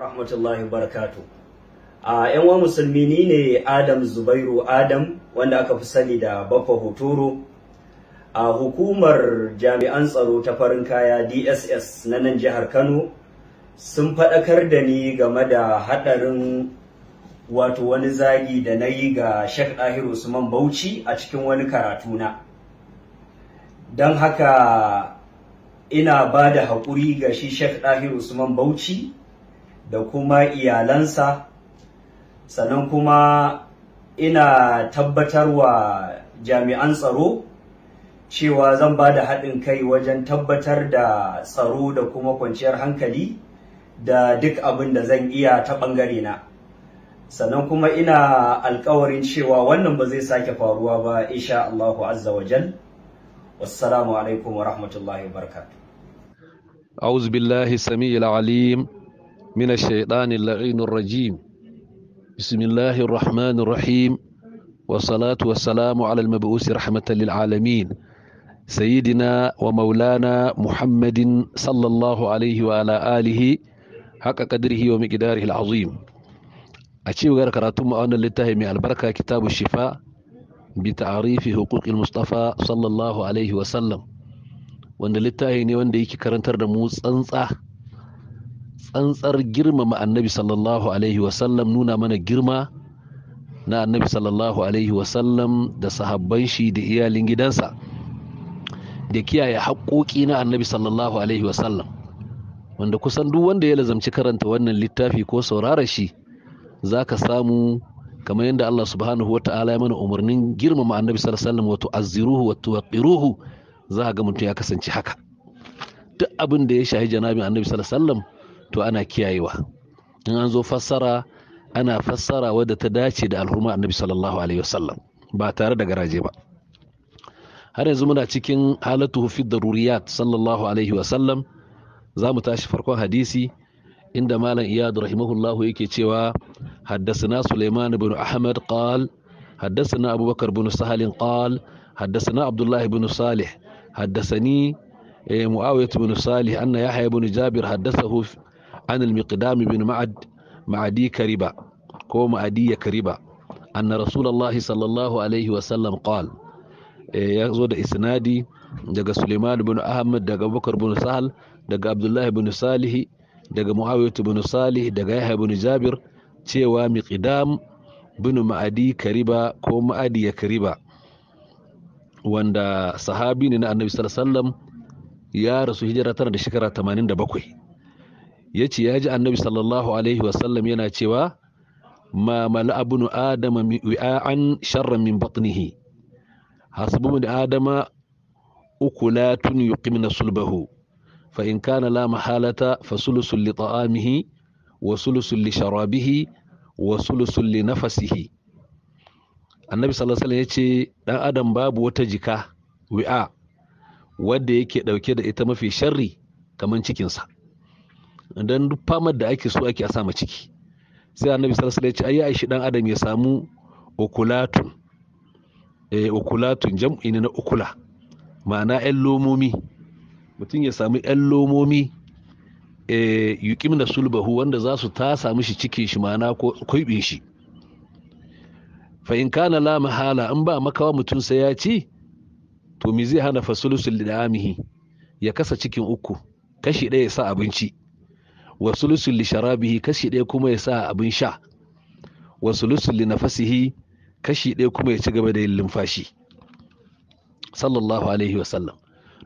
rahmatullahi barakatu a yan wa musulmi ni ne adam zubairu adam wanda aka fi sani da baffa hotoro a hukumar jami'an tsaro ta farin kaya dss na nan jihar kano sun faɗakar da ni game da haɗarin wato wani zagi da na yi ga shek ɗahir usman bauchi a cikin wani karatuna don haka ina ba da haƙuri ga shi shek ɗahir usman bauchi da kuma iyalansa sannan kuma ina tabbatarwa jami'an tsaro cewa zan ba da haɗin kai wajen tabbatar da tsaro da kuma kwanciyar hankali da duk abin da zan iya ta ɓangare na sannan kuma ina alkawarin cewa wannan ba zai sake faruwa ba insha Allahu azza wa jal wassalamu alaikum wa rahmatullahi wa barakatuh أعوذ بالله السميع من الشيطان اللعين الرجيم بسم الله الرحمن الرحيم والصلاة والسلام على المبعوث رحمة للعالمين سيدنا ومولانا محمد صلى الله عليه وعلى آله حق قدره ومقداره العظيم أشيو غير كراتم أن للتهم البركة كتاب الشفاء بتعريف حقوق المصطفى صلى الله عليه وسلم وأن للتهم وأن ديكي كرنتر نموز أنصح tsantsar girmama annabi sallallahu alaihi wasallam nuna mana girma na annabi sallallahu alaihi wasallam da sahabban shi da iyalin gidansa da kiyaye haƙoƙi na annabi sallallahu alaihi wasallam wanda kusan duk wanda ya lazamci karanta wannan littafi ko saurara shi za ka samu kamar yadda Allah subhanahu ta'ala ya mana umarnin girmama annabi sallallahu alaihi wasallam wato azziruhu wa tuqiruhu za ga mutum ya kasance haka duk abin da ya shahi janabin annabi sallallahu alaihi wasallam to ana kiyayewa in an zo fassara ana fassara wadda ta dace da alhurma annabi sallallahu alaihi wasallam ba tare da garaje ba har yanzu muna cikin halatu fi daruriyat sallallahu alaihi wasallam za mu tashi farkon hadisi inda malam iyad rahimahullah yake cewa haddathana suleiman bin ahmad qal haddathana abubakar bin sahal qal haddathana abdullahi bin salih haddathani eh, muawiyah bin salih anna yahya bin jabir haddasahu an al-miqdam bin ma'ad ma'adi kariba ko ma'adi kariba anna rasulullah sallallahu alaihi wa sallam qal ya zo da isnadi daga Suleiman bin Ahmad daga Bakar bin Sahal daga Abdullah bin Salih daga Muawiyah bin Salih daga Yahya bin Jabir cewa miqdam bin ma'adi kariba ko ma'adi ya kariba wanda sahabi ne na annabi ya rasu hijira tana da shekara 87 ya ce ya ji annabi sallallahu alaihi wasallam yana cewa ma mala abinu adama wi'a'an sharran min batnihi hasbumu da adama ukulatun na sulbahu fa in kana la mahalata fa sulusul li ta'amihi wa sulusul li sharabihi wa sulusul li nafasihi annabi sallallahu alaihi ya ce dan adam babu wata jika wi'a wadda yake dauke da ita mafi sharri kamar cikinsa dan duk famar da ake so ake a sama ciki sai annabi sallallahu alaihi wasallam ya ce shi dan adam ya samu okulatun eh okulatun jam'i na okula ma'ana yan lomomi mutum ya samu yan lomomi eh yuqimna na sulbahu wanda za su ta samu shi cikin shi ma'ana ko koibe shi fa in kana la mahala in ba makawa mutum sai ya ci to me zai hana fasulusul li'amihi ya kasa cikin uku kashi ɗaya ya sa abinci wa sulusul li sharabihi kashi ɗaya kuma ya sa abin sha wa sulusul li nafasihi kashi ɗaya kuma ya ci gaba da yin lumfashi sallallahu alaihi wa sallam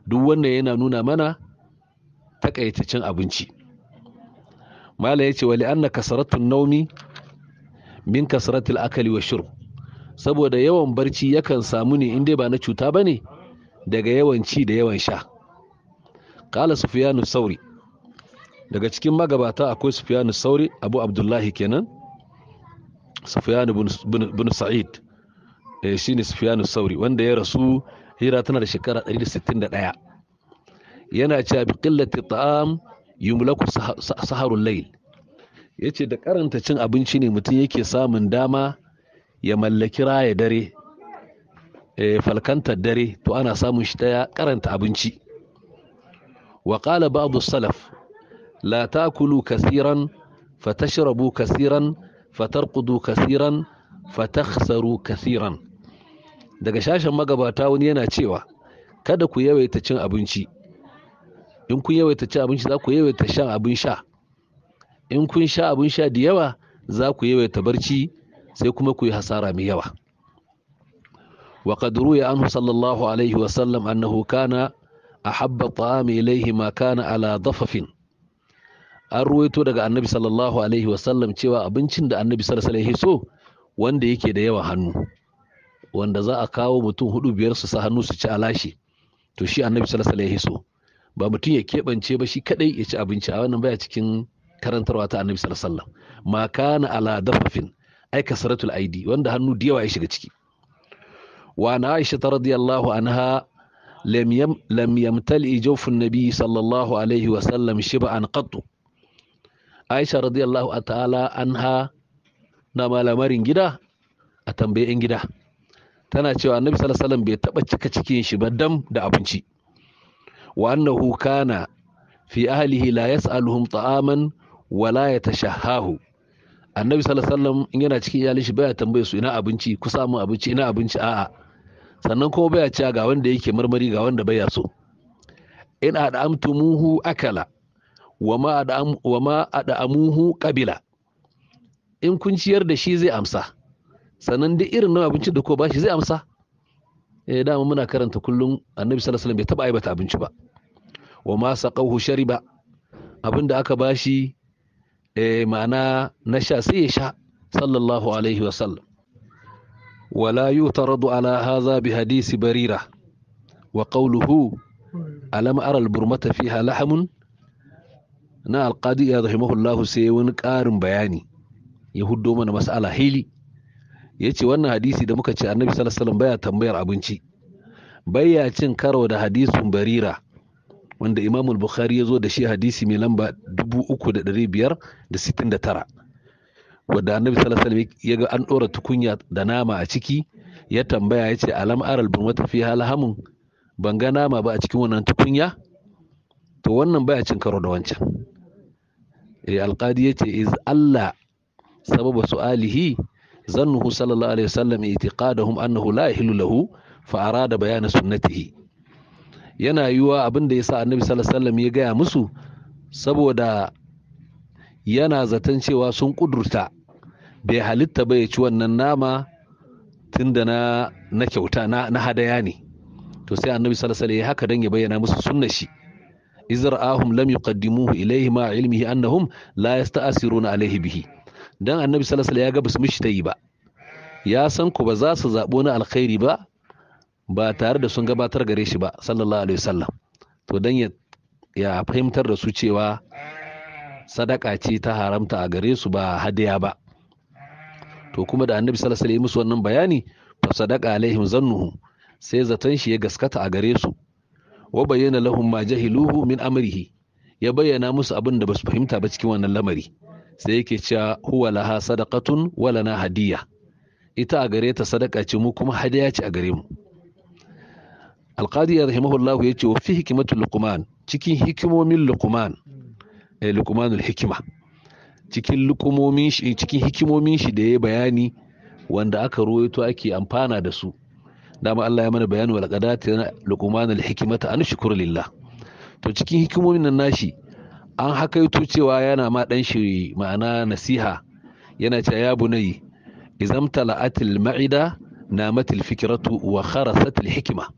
duk wannan yana nuna mana takaitaccen abinci mala ya ce wali anna kasaratun naumi min kasaratul akali wa shurb saboda yawan barci yakan samu ne inda ba na cuta bane daga yawan ci da yawan sha qala sufyanu sauri daga cikin magabata akwai sufiyanu sauri abu abdullahi kenan sufiyanu bin sa'id eh, shi ne sufiyanu sauri wanda ya rasu hira tana da shekara 161 yana cewa bi qillati ta'am yumlaku saharul layl yace da karanta cin abinci ne mutum yake samun dama ya mallaki raya dare eh, falkantar dare to ana samun shi ta karanta abinci wa babu salaf لا تاكلوا kasiran فتشربوا kasiran فترقدوا kasiran فتخسروا kasiran daga sashen magabata wani yana cewa kada ku yawaita cin abinci in kun yawaita cin abinci za ku yawaita shan abin sha in kun sha abin sha da yawa za ku yawaita barci sai kuma ku yi hasara mai yawa وقد ya Anhu sallallahu alaihi عليه وسلم أنه a أحب ta'ami إليه ma kana ala dafafin an ruwaito daga annabi sallallahu alaihi wasallam cewa abincin da annabi sallallahu alaihi so wanda yake da yawa hannu wanda za a kawo mutum hudu biyar su sa hannu su ci alashi to shi annabi sallallahu alaihi so ba mutum ya keɓance ba shi kadai ya ci abinci a wannan baya cikin karantarwa ta annabi sallallahu alaihi wasallam ma kana ala dafafin ai kasratul aidi wanda hannu da yawa ya shiga ciki wa na aisha radiyallahu anha lam yamtali jawfun nabi sallallahu alaihi wasallam shib'an qattu aisha radiyallahu ta'ala anha na malamarin gida a tambaye gida tana cewa annabi sallallahu bai taba cika cikin shi ba dam da abinci wa annahu kana fi ahlihi la yas'aluhum ta'aman wa la yatashahahu annabi sallallahu alaihi in yana cikin iyalin shi baya tambaye su ina abinci ku samu abinci ina abinci a'a sannan ko baya cewa ga wanda yake marmari ga wanda baya so in muhu akala wa ma amuhu kabila in kun ciyar da shi zai amsa sannan duk irin na abinci da ko ba shi zai amsa eh dama muna karanta kullum annabi sallallahu alaihi wasallam bai taba aibata abinci ba wa ma saqahu shariba abinda aka ba shi? eh ma'ana na sha sai ya sha sallallahu alaihi wasallam ولا يعترض على هذا بحديث بريرة وقوله ألم أرى البرمة فيها لحم na alƙadi ya rahimahullahu sai wani ƙarin bayani ya huddo mana mas'ala hili ya ce wannan hadisi da muka ce annabi sallallahu baya tambayar abinci baya cin karo da hadisun barira wanda imam bukhari ya zo da shi hadisi mai lamba 3569 wadda annabi sallallahu ya ga an ɗora tukunya da nama a ciki ya tambaya ya ce alam aral bin wata fi halhamun ban ga nama ba a cikin wannan tukunya to wannan baya cin karo da wancan Eh, alƙadi ya ce iz Allah sababa su'alihi zannuhu sallallahu alaihi wasallam itiqadahum annahu la ilaha lahu fa arada bayana sunnatihi yana yiwa abin da yasa annabi sallallahu alaihi wasallam ya gaya musu saboda yana zaton cewa sun kudurta bai halitta ba ya ci wannan nama tunda na na kyauta na hadaya ne to sai annabi sallallahu alaihi wasallam haka dan ya bayyana musu sunnar shi ahum lam kaddimu ilaihi ma ilmihi annahum la na alayhi bihi dan annabi sallallahu ya ga basu mishi tayi ba ya san ku ba za su zaɓo na alkhairi ba ba tare da sun gabatar gare shi ba sallallahu alaihi wasallam to don ya fahimtar da su cewa sadaka ce ta haramta a gare su ba hadaya ba to kuma da annabi sallallahu ya yi musu wannan bayani fa sadaka alaihim zannuhu sai zaton shi ya gaskata a gare su wa bayyana lahum ma jahiluhu min amrihi ya bayyana musu abin da basu fahimta ba cikin wannan lamari sai yake cewa huwa laha sadaqatun wa lana hadiyya ita a gare ta sadaka ce mu kuma hadiya ce a gare mu alqadi rahimahullahu yace wa fi hikmatul luqman cikin hikimomin luqman eh luqmanul hikma cikin lukumomin shi cikin hikimomin shi da ya bayani wanda aka ruwaito ake amfana da su dama Allah ya mana bayani wal qadati luqman al hikmata an shukur lillah to cikin hikimomin nan nashi an hakaito cewa yana ma dan shi ma'ana nasiha yana cewa ya bunayi izam tala'atil ma'ida namatil fikratu wa kharasatil hikma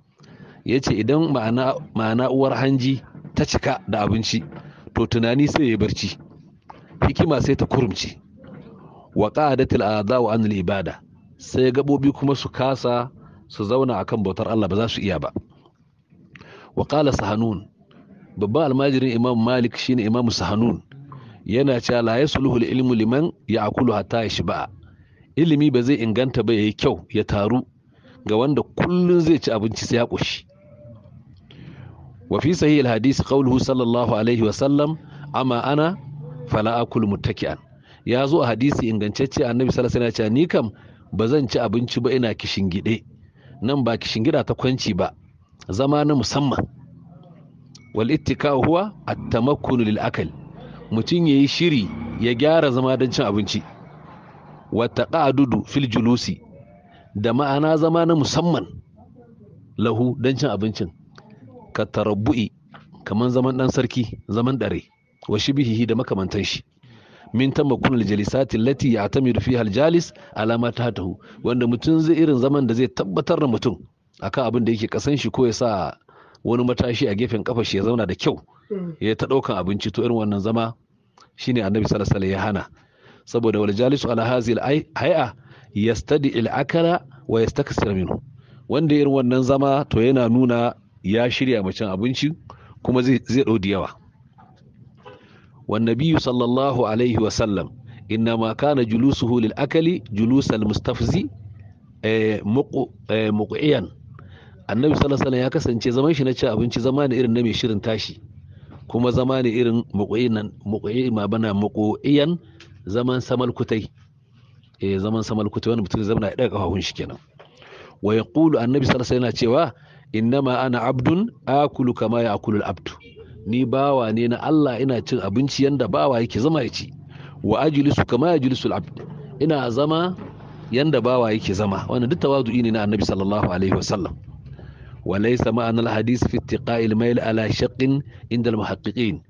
yace idan ma'ana ma'ana uwar hanji ta cika da abinci to tunani sai ya barci hikima sai ta kurumci wa qa'adatil an al ibada sai gabobi kuma su kasa su zauna a kan bautar Allah ba za su iya ba wa qala sahanun babban almajirin imam malik shi shine imam sahanun yana cewa la yasluhu ilmu liman ya ya'kulu hatta ba ilimi ba zai inganta ba ya yi kyau ya taru ga wanda kullum zai ci abinci sai ya koshi wa fi sahih al-hadisi qawluhu sallallahu alaihi wa sallam amma ana fala akul muttaki'an ya zo a hadisi ingantacce annabi sallallahu alaihi wasallam ya ce ni kam ba zan ci abinci ba ina kishin gide nan ba ki shingira ta kwanci ba zama na musamman wal ittika huwa at-tamakkun lil akal mutum yi shiri ya gyara zama don cin abinci wa taqadudu fil julusi da ma'ana zama na musamman lahu don cin abincin ka tarabbu'i kaman zaman ɗan sarki zaman ɗare, wa bihihi da makamantan shi min kullu aljalisati lati ya'tamidu fiha aljalis ala ma tahtahu wanda mutum zai irin zaman da zai tabbatar da mutum akan abin da yake kasan shi ko ya sa wani matashi a gefen kafa shi ya zauna da kyau ya ta daukan abinci to irin wannan zama shine annabi sallallahu alaihi ya hana saboda wal jalis ala al hay'a yastadi al akala wa yastaksir minhu wanda irin wannan zama to yana nuna ya shirya macen abinci kuma zai ɗau da yawa والنبي صلى الله عليه وسلم إنما كان جلوسه للأكل جلوس المستفزي مقعيا annabi sallallahu ya kasance zaman shi na ci abinci zama ne irin na mai shirin tashi kuma zama ne irin muƙo'i ma bana muƙo'iyan zaman samal kutai eh zaman kutai wani mutum zama na ɗaga kafafun kenan wa yaqulu annabi sallallahu alaihi yana cewa innama ana abdun akulu kama ya akulul abdu ni bawa ne na Allah ina cin abinci yanda bawa yake zama ya ci wa ajlisu kama yajlisul abd ina zama yanda bawa yake zama wannan duk tawadu'i ne na annabi sallallahu alaihi wasallam وليس معنى الحديث في اتقاء الميل على شق عند المحققين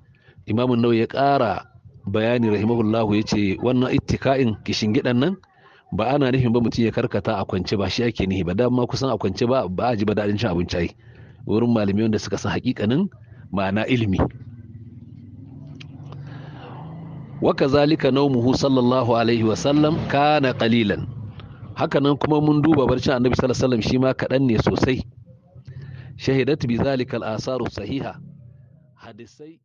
امام النووي ƙara bayani rahimahullahu ya ce wannan ittika'in kishingidan nan ba ana nufin ba mutum ya karkata a kwance ba shi ake nihi ba dama kusan a kwance ba ba a ji ba daɗin cin abinci ai wurin malamai wanda suka san hakikanin ma'ana ilimi waka zalika naumuhu sallallahu alaihi wasallam kana qalilan hakanan kuma mun duba barcin annabi sallallahu alaihi wasallam shi ma kaɗan ne sosai shahidat bi zalika al-asaru sahiha hadisai